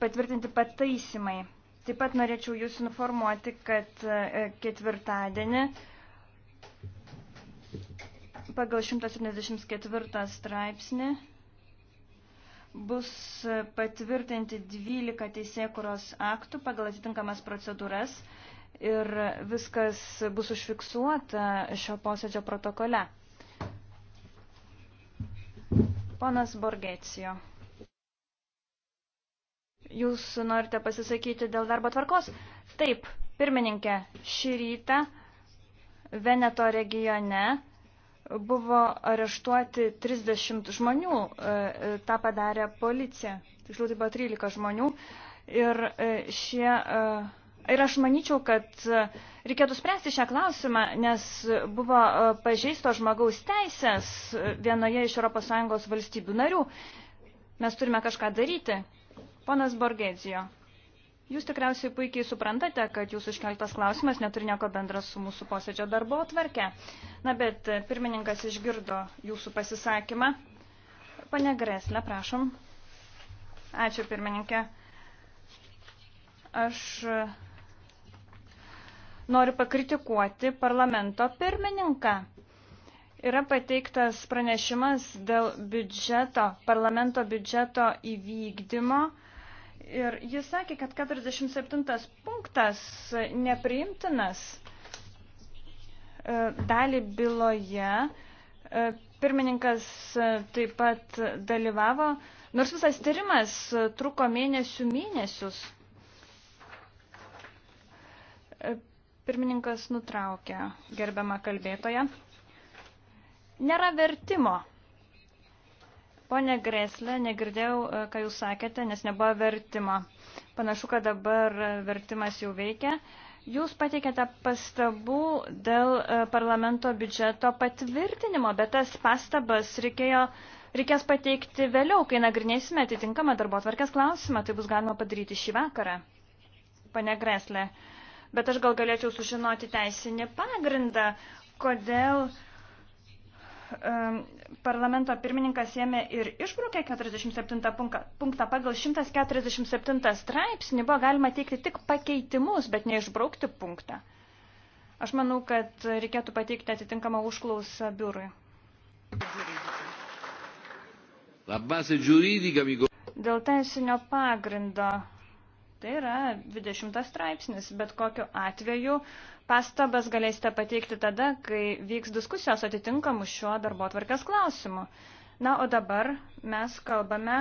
patvirtinti pataisimai. Taip pat norėčiau jūs informuoti, kad e, ketvirtadienį pagal 174 straipsnį bus patvirtinti 12 teisėkuros aktų pagal atitinkamas procedūras ir viskas bus užfiksuota šio posėdžio protokole. Ponas Borgecijo. Jūs norite pasisakyti dėl darbo tvarkos? Taip, pirmininkė, šį rytą Veneto regione buvo areštuoti 30 žmonių, e, e, tą padarė policija. Tiksliau, tai buvo 13 žmonių. Ir, e, šie, ir aš manyčiau, kad reikėtų spręsti šią klausimą, nes buvo pažeisto žmogaus teisės vienoje iš ES valstybių narių. Mes turime kažką daryti. Ponas Borgezijo, jūs tikriausiai puikiai suprantate, kad jūsų iškeltas klausimas neturi nieko bendra su mūsų posėdžio darbo tvarke. Na, bet e, pirmininkas išgirdo jūsų pasisakymą. Pane Greslė, prašom. Ačiū, pirmininkė. Aš e, noriu pakritikuoti parlamento pirmininką. Yra pateiktas pranešimas dėl biudžeto, parlamento biudžeto įvykdymo Ir jis sakė, kad 47 punktas nepriimtinas e, dalį byloje. E, pirmininkas e, taip pat dalyvavo, nors visas tyrimas truko mėnesių mėnesius. Pirmininkas nutraukė gerbiamą kalbėtoją. Nėra vertimo. Pone Greslė, negirdėjau, e, ką jūs sakėte, nes nebuvo vertimo. Panašu, kad dabar e, vertimas jau veikia. Jūs pateikėte pastabų dėl e, parlamento biudžeto patvirtinimo, bet tas pastabas reikėjo, reikės pateikti vėliau, kai nagrinėsime atitinkamą darbo tvarkės klausimą. Tai bus galima padaryti šį vakarą, pane Greslė. Bet aš gal galėčiau sužinoti teisinį pagrindą, kodėl um, parlamento pirmininkas ėmė ir išbraukė 47 punktą pagal 147 straipsnį, buvo galima teikti tik pakeitimus, bet neišbraukti punktą. Aš manau, kad reikėtų pateikti atitinkamą užklausą biurui. Dėl teisinio pagrindo Tai yra 20 straipsnis, bet kokiu atveju pastabas galėsite pateikti tada, kai vyks diskusijos atitinkamų šiuo darbo tvarkės klausimu. Na, o dabar mes kalbame,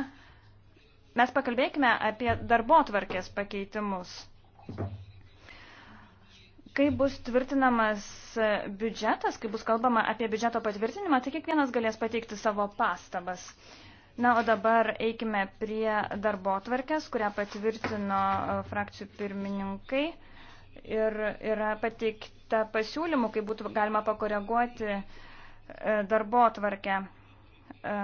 mes pakalbėkime apie darbo tvarkės pakeitimus. Kai bus tvirtinamas biudžetas, kai bus kalbama apie biudžeto patvirtinimą, tai kiekvienas galės pateikti savo pastabas. Na, o dabar eikime prie darbo tvarkės, kurią patvirtino e, frakcijų pirmininkai ir yra pateikta pasiūlymų, kaip būtų galima pakoreguoti e, darbo tvarkę. E,